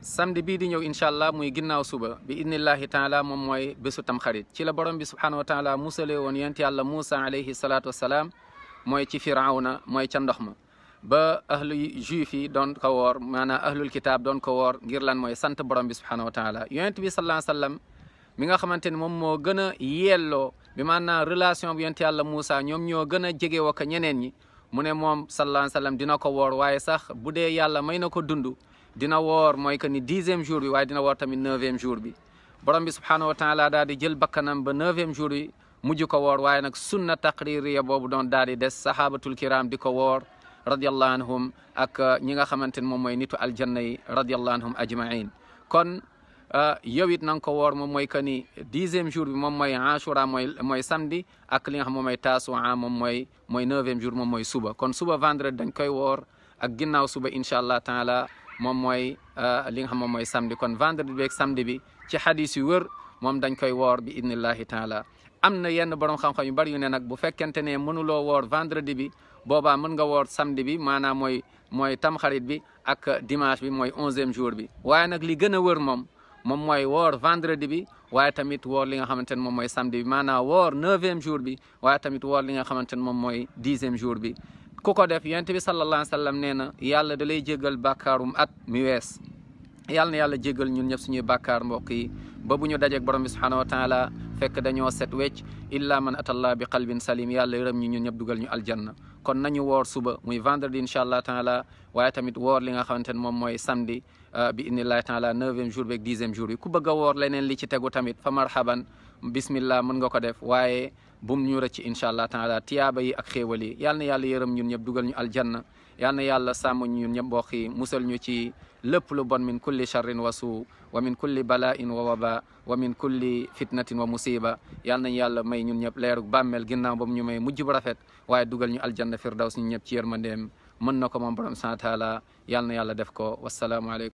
samedi bii di ñëw incha allah muy ginnaaw suba bi idnillahi taala moom mooy bésu tamxarit ci la borom bi subhaanahu wa taala musale woon yent yàlla Moussa alayhi salaatu wasalaam mooy ci firawna mooy ca ndox ma ba ahlu juif yi doon ko woor maanaam ahlul kitaab doon ko woor ngir lan mooy sant borom bi subhaanahu wa taala yonent bi sallallahu alayhi wasallam mi nga xamante ni moom moo gën a yelloo bi maanaam relation bu yent yàlla Moussa ñoom ñoo gën a jege woo ñeneen ñi mu ne moom sallallahu alayhi dina ko woor waaye sax bu dee yàlla may na ko dund dina woor mooy que ni dixième jour bi waaye dina woor tamit neuvième jour bi borom bi subhaanahu wa daal di jël bakkanam ba neuvième jour bi mujj woor waaye nag sunna taqririya boobu doon daal di des sahabatul kiram di ko woor radiallahu anhum ak uh, ñi nga xamante ne moom mooy nitu aljanna yi radiallahu anhum ajmain kon uh, yow it na nga ko woor moom mooy que ni dixième jour bi moom mooy ashura mooy mooy samedi ak li nga xam moom mooy tasua moom mooy mooy neuvième moom mooy suba kon suba vendredi dañ koy woor ak ginnaaw suba incha allah taala moom mooy euh, li nga xam moom mooy samedi kon vendredi beeg samedi bi ci xadis yu wër moom dañ koy woor bi idnillahi taala am na yenn borom xam-xam yu bari yu ne nag bu fekkente ne mënuloo woor vendredi bi boobaa mën nga woor samedi bi maanaam mooy mooy tamxarit bi ak dimanche bi mooy onzième jour bi waaye nag li gën a wër moom moom mooy woor vendredi bi waaye tamit woor li nga xamante ne moom mooy samedi bi maanaam woor neuvième jour bi waaye tamit woor li nga xamante ne moom mooy dixième jour bi ku ko def yonent bi sallallahu alayhi wa sallam nee na yàlla da lay jégal bàkkaarum at mi wees yàlla na yàlla jégal ñun ñëpp suñuy bàkkaar mbokk yi ba bu ñu dajeeg borom bi subhaanahu wa taala fekk dañoo set wecc illa man atallah bi qalbin salim yàlla yërëm ñu ñun ñëpp dugal ñu aljanna kon nañu woor suba muy vendredi incha allah taala waaye tamit woor li nga xamante ne moom mooy samedi euh, bi innillahi taala neuvième jour beeg dixième jour bi ku bëgg a woor leneen li ci tegu tamit fa marhaban bismillah mën nga ko def waaye bum ñu rëcc incha allah taala tiyaaba yi ak xéewal yi yal na yàlla yërëm ñun ñëpp dugal ñu aljanna yal na yàlla sàmm ñun ñëpp mbokk yi musal ñu ci lépp lu bon min kulli charrin wa suu wa min kulli bala'in wa waba wa min kulli fitnatin wa musiba yal nañ yàlla may ñun ñëpp leerug bàmmeel ginnaaw ba mu ñu may mujj bu rafet waaye dugal ñu aljanna firdaws ñun ñëpp ci yërmandeem mën na ko moom borom sant taala yal na yàlla def ko wasalaamualeykum